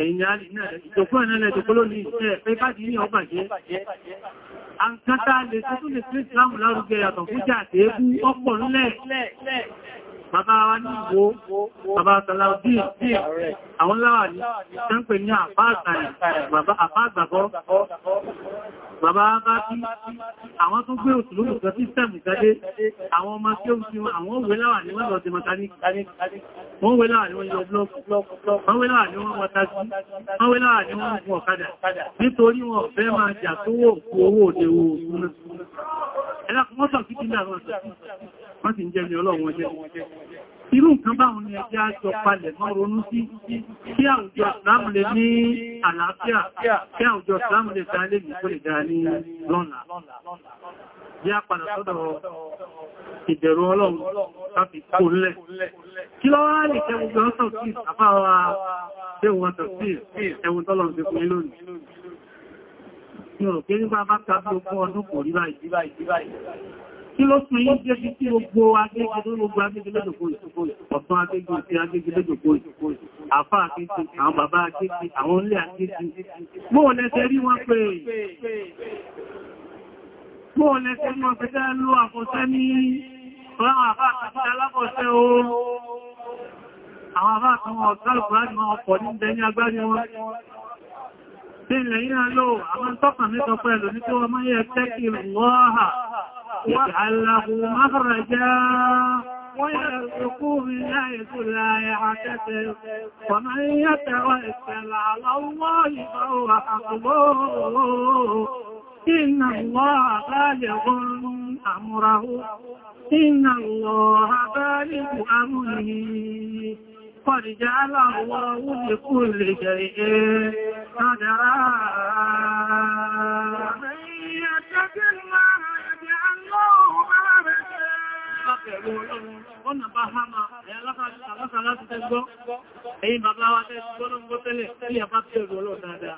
ẹ̀yìn Alì náà, ìjọkú ẹ̀nà ẹ̀lẹ́dẹ̀kọ́ ló ní ìṣẹ́ ẹ̀fẹ́ bá di ní ọgbàjẹ́. Àǹkátà lè tó tún lè fún ìsìlámù lárugẹ yàtọ̀ fún jà bàbá wa ní ìwò bàbá Salaudi àwọn láwà ní ṣẹ́ǹpẹ̀ ní àfáàgbàgbọ́ bàbá bá tí àwọn tó gbé òtù lóòtù tó sísẹ̀mù ìgbádé àwọn ọmọ tí ó fi àwọn òwe láwà ní wọ́n lọ́dẹ mọ́tánìkì wọ́n wé láwà ní wọ́n yọ blọ́ọ̀kù wọ́n wé láwà ní wọ́n wọ́tájú wọ́n wé láwà ní wọ́n gun ọ̀kadà nítorí wọn fẹ́ máa jà tó wò owó òde owó òun náà wọ́n sì ń jẹ́ ní ọlọ́run jẹ́. Irú nǹkan báhùn ni ẹjẹ́ àjọ palẹ̀ mọ́ ronú sí kí àwùjọ ìsìlámù lè ní àlàáfíà, kí àwùjọ ìsìlámù lè lè nìkó a padà sọ́dọ̀ ìbẹ̀rù ọlọ́run tàbí Kí lọ wá bá ogún kí ló sún yí jẹ́ sí gbogbo agbẹ́gbẹ́ gbogbo agbẹ́gbẹ́ lẹ́dọ̀kọ́ ọ̀tún agbẹ́gbẹ́ ti agbẹ́gbẹ́ lẹ́dọ̀kọ́ àfá agbẹ́gbẹ́ àwọn bàbá agbẹ́gbẹ́ àwọn ilé agbẹ́gbẹ́ mọ́ lẹ́sẹ̀ rí wọ́n pé mọ́ lẹ́sẹ̀ rí wọ́n pé dá ló àkọsẹ́ ní ọlọ́run àfá àti alákọsẹ́ o àwọn àfá àti wọn ọ̀tọ́ ìkùnrin wọn ọkọ̀ ní ìbẹ̀ ní agbárí wọn Tí ilẹ̀ yìí náà lò, àwọn tọ́kàn ní sọ pẹ̀lú ní tí wọ́n máa yẹ tẹ́kì lọ́ha واجعل له مخرجا ويرزقه من حيث لا يعتذر ومن يتوكل على الله فهو حقه إن الله بالغ أمره إن الله بالغ أمره قد جعل الله لكل شيء قدرا ومن يتق الله Ẹ̀yin bàbá wa tẹ́ gbọ́nà gbọ́ tẹ́lẹ̀, tẹ́lẹ̀ bá tẹ́lẹ̀ ọlọ́ dáadáa.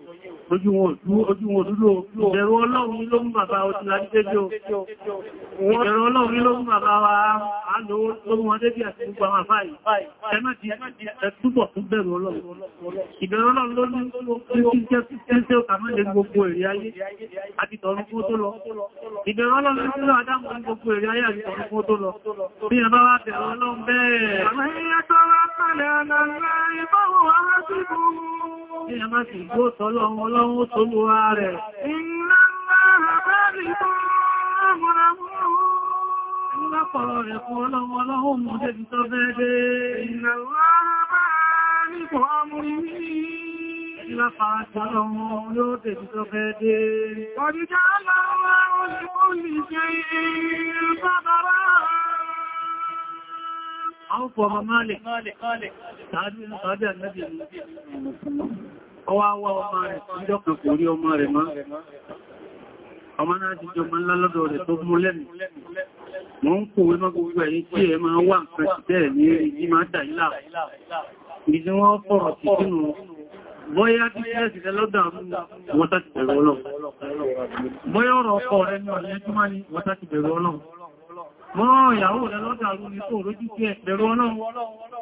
ojú wọn dúdú ẹ̀rọ ọlọ́run ló mú bàbá ọtí láti tẹ́jọ́ ẹ̀rọ ọlọ́run ló mú bàbá wa àánú lórí wọn débí àti gbogbo àwọn àfáì ẹmẹ́tì ẹ̀túbọ̀ tún bẹ̀rù ọlọ́run ìbẹ̀rù ọlọ́run ló ní kí ó kàmọ́ lè gbogbo èrè ayé àti tọ̀run kó tó lọ ìbẹ̀rù ọlọ́run ló adámù ní gbogbo èrè ayé àti tọ̀run kó tó lọ ọlọ́run tó lù wá rẹ̀. Àwọn fọ̀mọ̀ máa lè, tàbí ìrìnbábí àmẹ́bì ọwá wá ọmọ rẹ̀ ọjọ́ kan kò rí ọmọ rẹ̀ máa ọmọ náà ti jọ máa ń lálọ́dọ̀ rẹ̀ tó mú lẹ́nu mọ́ ń kò wé mọ́ gbogbo ẹ̀yí tí ẹ máa wà nǹkan ti bẹ́ẹ̀ ní èrè tí máa dà ilá ìdí wọ́n fọ̀rọ̀ sí sínú bóyá tí ẹ̀sì lẹ́lọ́dà wọ́n tá ti bẹ̀rẹ̀ ọlọ́ bóyá ọ̀rọ̀ ọkọ̀ rẹ̀ ní ọ̀lẹ́ tó máa ní wọ́n tá ti bẹ̀rẹ̀ ọlọ́ mọ́ ìyàwó lẹ́lọ́dà rú ní tó rójú sí ẹ̀ bẹ̀rẹ̀ ọlọ́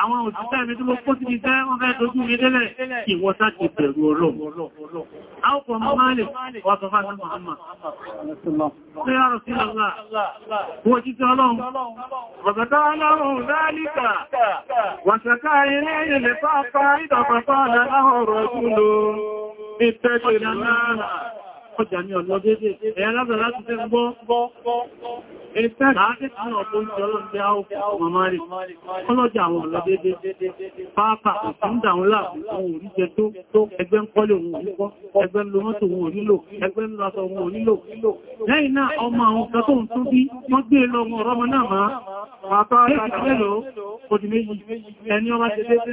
àwọn òṣìṣẹ́ mi tí mo kó sí iṣẹ́ wọ́n fẹ́ dojú mi délẹ̀ kí wọ́n sáàkì bẹ̀rù ọlọ́run. A ó kọ̀ máa lè wà sọ fásitì Muhammad. Ṣé yàrọ̀ sí Allah, wọ́n jíṣẹ́ ọlọ́run, bàbàtà aláwọ̀ dáálítà, wàṣàká ilé ilẹ̀ pàápàá ìdàpàpàá ọjà ní ọ̀nà dédé ẹ̀yà lábẹ̀ láti fẹ́ gbọ́ ẹ̀ẹ́sẹ́ àádẹ́ tí wọ́n tó ń jọ lọ́n jẹ́ àwọn màmá rẹ̀ ọlọ́jà àwọn ọ̀nà dédé pápá ìtúndà wọn láàrín ohun orí jẹ tó ẹgbẹ́ ń kọ́lé ohun orí kọ́ ẹgbẹ́ ń lo mọ́tò ohun orí lò ẹgbẹ́ ń lo aṣọ ohun orí lò lẹ́yìn náà ọmọ àwọn kan tó ń tún bí wọ́n gbé e lọ ọmọ ọ̀rọ̀mọ náà máa pàtó àtàkì mélòó odi méjì ẹni ọba ṣe dédé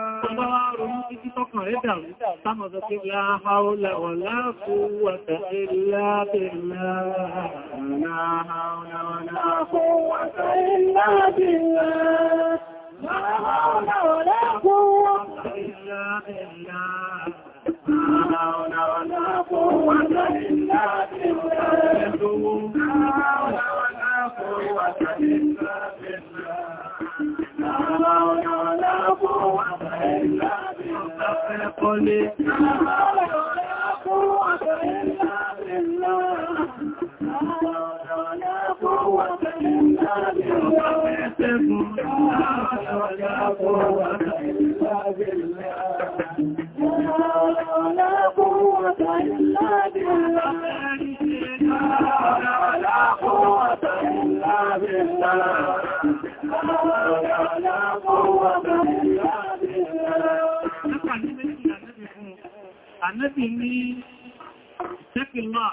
Ìlà kọ́lé Thank you. ànábì ní tẹ́kìlá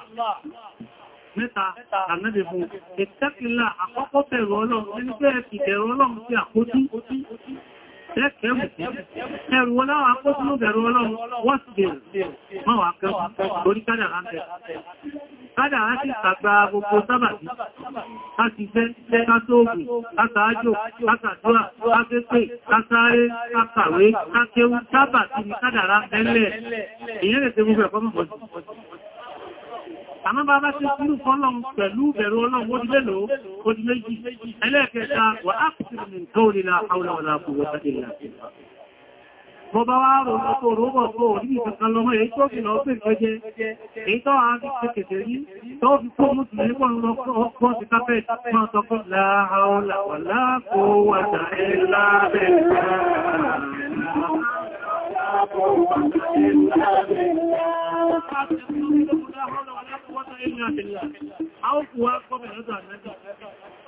mẹ́ta ànábì fún ìtẹ́kìlá àkọ́kọ́ bẹ̀rọ ọlọ́run ní pé ìbẹ̀rọ ọlọ́run sí àkójú Ẹ̀rù ọlọ́wà kó sínú bẹ̀rù ọlọ́run wọ́n sì bẹ̀rù, wọ́n wà kẹ́ orí kádà rántẹ̀. Kádà rántẹ̀ tàgbà gbogbo sábàtì, àtìṣẹ́, kátòògùn, kátàájò, kátàdúrà, kátẹ́pẹ̀, kátàáré, kátàwé, kákéwú, kábà ti ní kádàrá ẹlẹ́ èyàn rẹ̀ tẹ́ gbogbo ẹ̀kọ́ mọ́ àmọ́ bá bá ṣe kúrù fọ́lọ́m pẹ̀lú bẹ̀rù ọlọ́run ó di mélòó ó di méjì ẹlẹ́ẹ̀kẹta wà ápùsìrì bọ́ bá wá rò tó rò mọ̀ tó ní ìkankan lọmọ èyí tó fi lọ pè lọ́jẹ́ èyí tó àwọn fi ṣe kèfè rí tó fi kó mú tùlé pọ̀ lọ pọ́ sí kápẹ́ máa sọ fún láàáwọ̀lá wàlá kó wà tàí lábẹ́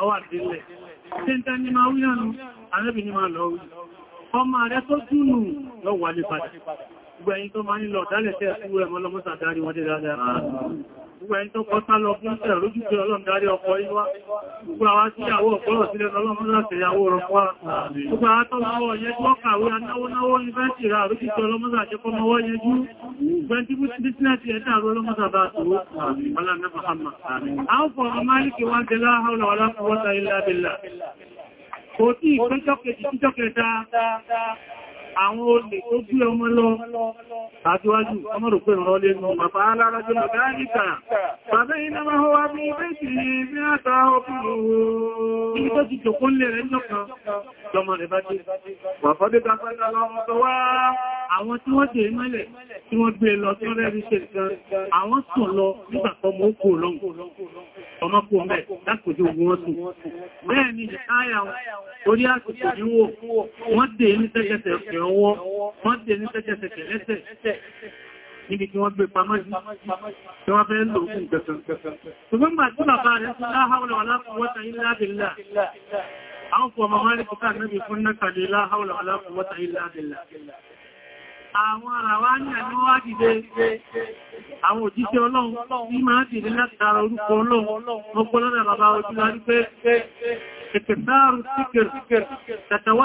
Àwọn àdílẹ̀, tí ń tẹ́ ní máa wíyànú, àrẹ́bì ní máa lọ wí ọmọ rẹ̀ tó dúnù lọ wà lè padà gbogbo ẹ̀yin tó máa ń lọ dálẹ̀ tẹ́ ẹ̀kú ẹ̀mọ́ lọ́mọ́sà dárí wọ́n dé dáadáa gbogbo ẹ̀yin tó kọ́sá lọ fún ṣẹ̀ lójú pé ọlọ́run dárí ọkọ̀ ìwá gbogbo àwọn tí ìyàwó ọ̀pọ̀lọ̀ sílẹ̀ lọ́lọ́mọ́sà tẹ̀yàwó rọ̀ fún wa gbogbo àwọn tó lọ́wọ́ yẹ tó kàwé anáwó náwó yúnifásitì ra àrójú pé ọlọ́mọ́sà jẹ́ kọ́ mọ́wọ́ kò tí ìpínjọ́kẹta àwọn olè tó gbé ọmọ lọ àtíwájú ọmọ rò pé ìrọlé nù bàbá alárájọ́ mọ̀dáríkà bàbá iná máa wá bí bẹ́ẹ̀ sí ní àtà ọkùnrin lọ́mọ rẹ̀ bá dé. Wà fọ́dé gbàgbàgbà lọ́wọ́ tó wá àwọn tí wọ́n dé mọ́lẹ̀ tí wọ́n gbé lọ tí wọ́n rẹ̀rí ṣe kan àwọn sùn lọ nígbà tọmọ ó kò lọ́nkò ọmọ kò mẹ́ lákòjú ogun wọn sùn. Bẹ́ẹ̀ ni ìkáyà orí àsìkò níwò wọ́n dé ní tẹ́jẹsẹ̀ ọwọ́ wọ́n dé ní tẹ́jẹsẹ̀ lẹ́sẹ̀ níbi tí wọ́n gbé pamọ́ sí tí wọ́n fẹ́ lò ó fún ìgbẹ̀sẹ̀. Ṣùgbọ́n bàtí bàbá rẹ̀ sí láháwọ̀lọ́wọ́lá àwọn ọmọ máa ní kọkà níbi fún náà kàlè láhàúlà aláàkùnwọ́ta ilá àdìlá. Àwọn ara wá ní àníwá dìde àwọn òjíṣẹ́ ọlọ́run ní máa dìde láti ara orúkọ ọlọ́run mọ́gbọ́lọ́dà bàbá ojú wa pé ẹ̀kẹ̀sáàrù síkẹ̀rù tàtàwà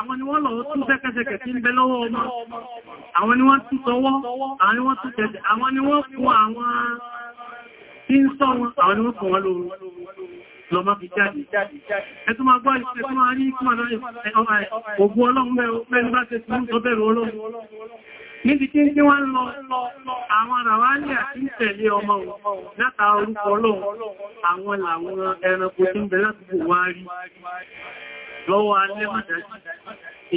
àwọn ni wọ́n lọ tún sẹ́kẹsẹkẹ tí ń bẹ lọ́wọ́ ọmọ àwọn ni wọ́n tún tọwọ́ àwọn ni wọ́n tún tẹ̀sẹ̀ àwọn ni wọ́n fún àwọn tí ń sọ wọn àwọn ni wọ́n fún wọn lóòrùn lọ máa fi jáde ẹ̀tún máa gbọ́ ìṣẹ́ tó máa rí ìkúmà lọ́yẹ̀ ògùn ọlọ́run bẹ́ẹ̀ bá ṣe tún tó bẹ̀rù ọlọ́run níbi tí tí wọ́n lọ àwọn àràwálì àti ìtẹ̀lé ọmọ látà orúkọ ọlọ́run àwọn làwọn ẹranko tí ń bẹ láti bò wá rí lọ́wọ́ alẹ́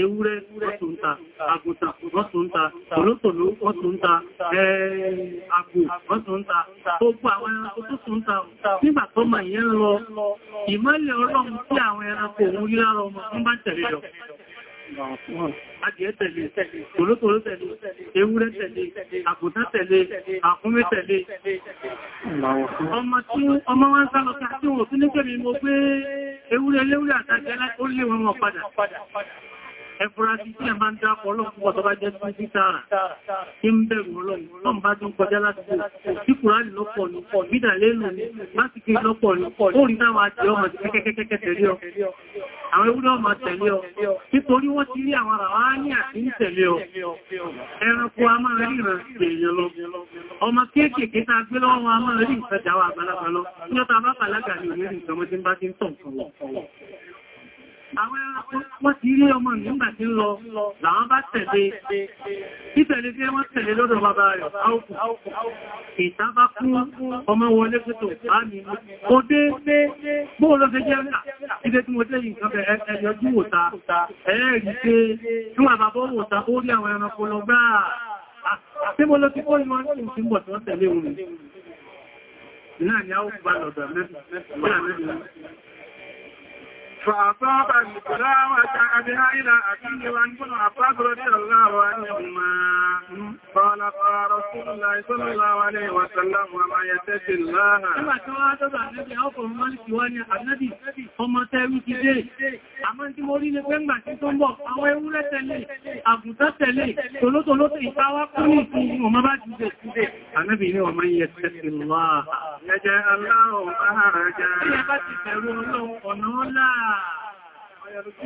ewúrẹ́ ọ̀túnta, àgùntàn ọ̀túnta, olótòló ọ̀túnta, àgbò ọ̀túnta, tó gbà àwọn ẹranko tó túnta nígbà tó mà yẹn lọ, ìmọ́lẹ̀ ọlọ́run tí àwọn ẹranko òun rí lára ọmọ adìẹ tẹ̀lé tòlótòló tẹ̀lé tí ọmọ wá ní kẹ́mi mo pé ewúrẹ́ léwúrẹ́ àtàjẹ́ ó lé wọn wọn padà ẹfúrásí tí ẹ máa ń dápọ̀ ọlọ́pùpọ̀ tó bá jẹ́ sí sí tààrà tí ń bẹ̀rù ọlọ́run bá tún kọjá láti kò tí kùránì lọ́pọ̀ ní pọ̀ nídà lẹ́nu ní láti kí lọ́pọ̀ ní pọ̀ ó rí táwọn àti ọmọ ti kẹ́kẹ́kẹ́kẹ́ tẹ̀lé ọ àwọn ewúrẹ́ ọmọ tẹ̀lé ọ nítorí wọ́n ti rí àwọn ará wá ní àti ń tẹ̀lé ọ ẹranko a máa rí ìran èèyàn lọ ọmọ kéékèèké tá a gbé lọ́wọ́ a máa rí ìfẹ́jà wa àgbàlagbà lọ níjọ́ta bá bàlágà ní òmìnirin ìjọmọ́ tí ń bá ti ń Àwọn ẹranko ọmọ nígbà tí ń lọ, làwọn bá tẹ̀lé. Títẹ̀lé tí wọ́n tẹ̀lé lọ́dọ̀ bàbá rẹ̀, áùkù. Ìta bá kú ọmọ wọlé pẹ̀tọ̀, àmì mo dé bóò lọ jẹ́ ńlá. Ibé tí mo dé فأصاب الإسلام وجاء بها إلى أبيه وأن كن عباس رضي الله عنهما قال قال رسول الله صلى الله عليه وسلم وما يتك الله كما تواعدت النبي أوفى مالك واني النبي ọmọ tẹ́rù ti dé àmọ́ tí mo rí ní pé ńgbà tí tó ń bọ̀ àwọn ewúrẹ́ tẹ̀lé àgùntá tẹ̀lé tòlótòló tó ìsáwá kún ní ìsinmi ọmọ bá jùlẹ̀ sílẹ̀ ànábì ní ọmọ yẹ tẹ́sì láà ẹjẹ́ aláwọ̀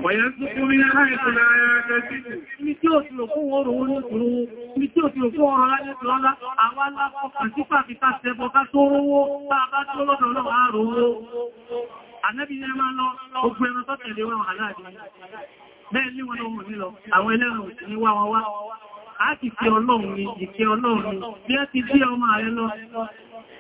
ويرزق من حيث لا يحتسب ibi tí ó ti lò fún oòrùn olóòrùn ibi tí ó ti lò fún ọ̀rọ̀ alẹ́tìlọ́lá àwọn alákọ̀ọ́kàn sí pàtàkì tẹ́bọ tó rówó bá bá tó a a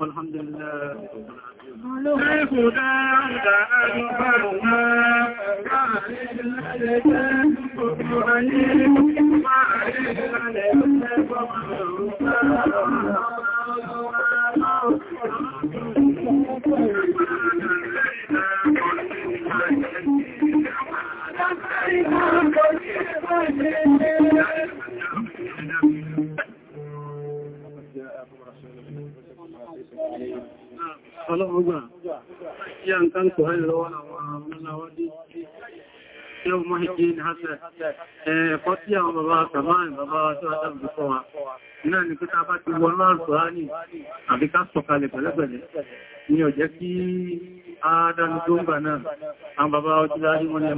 والحمد لله Thank you. Yóò mọ́ ìjìn hásẹ̀ ẹ̀kọ́ tí àwọn bàbá Kàmáàrin bàbá tó àtàbí fún wa. Náà ni pẹ́ta bá ti wọ́n lọ́rùn tó rání àbí ká sọ̀kalẹ̀ pẹ̀lẹ́pẹ̀lẹ́ ni ọ̀jẹ́ kí ádánu tó ń bà náà, àwọn bàbá ọjọ́lárí ni ẹ ni ẹ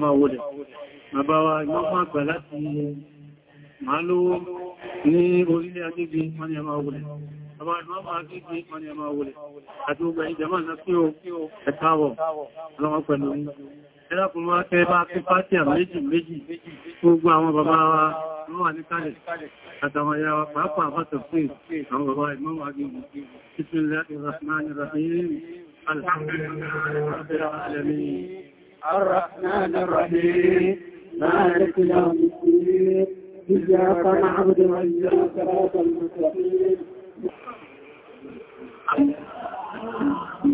máa wọlẹ̀ àwọn àdúmọ́bà akéèkéé kan ni ẹmọ wọlé àti gbogbo ẹ̀yìn jẹmọ́ ìlọ kí o ẹ̀káwọ̀ lọ́wọ́ pẹ̀lú ẹlákùn wá kẹ́ bá kí pátíà méjì méjì gbogbo àwọn bàbá wa wọ́n wà ní kálẹ̀ àtàwọn ìyá wa pàápàá àbátọ̀ fún àwọn bàbá ìmọ́ wa gẹ́gẹ́ títí ilẹ̀ ìrọ̀sánà ìrọ̀sánà alhamdulillah rabbil alamin الرحمن الرحيم مالك يوم الدين إياك نعبد وإياك نستعين Thank you.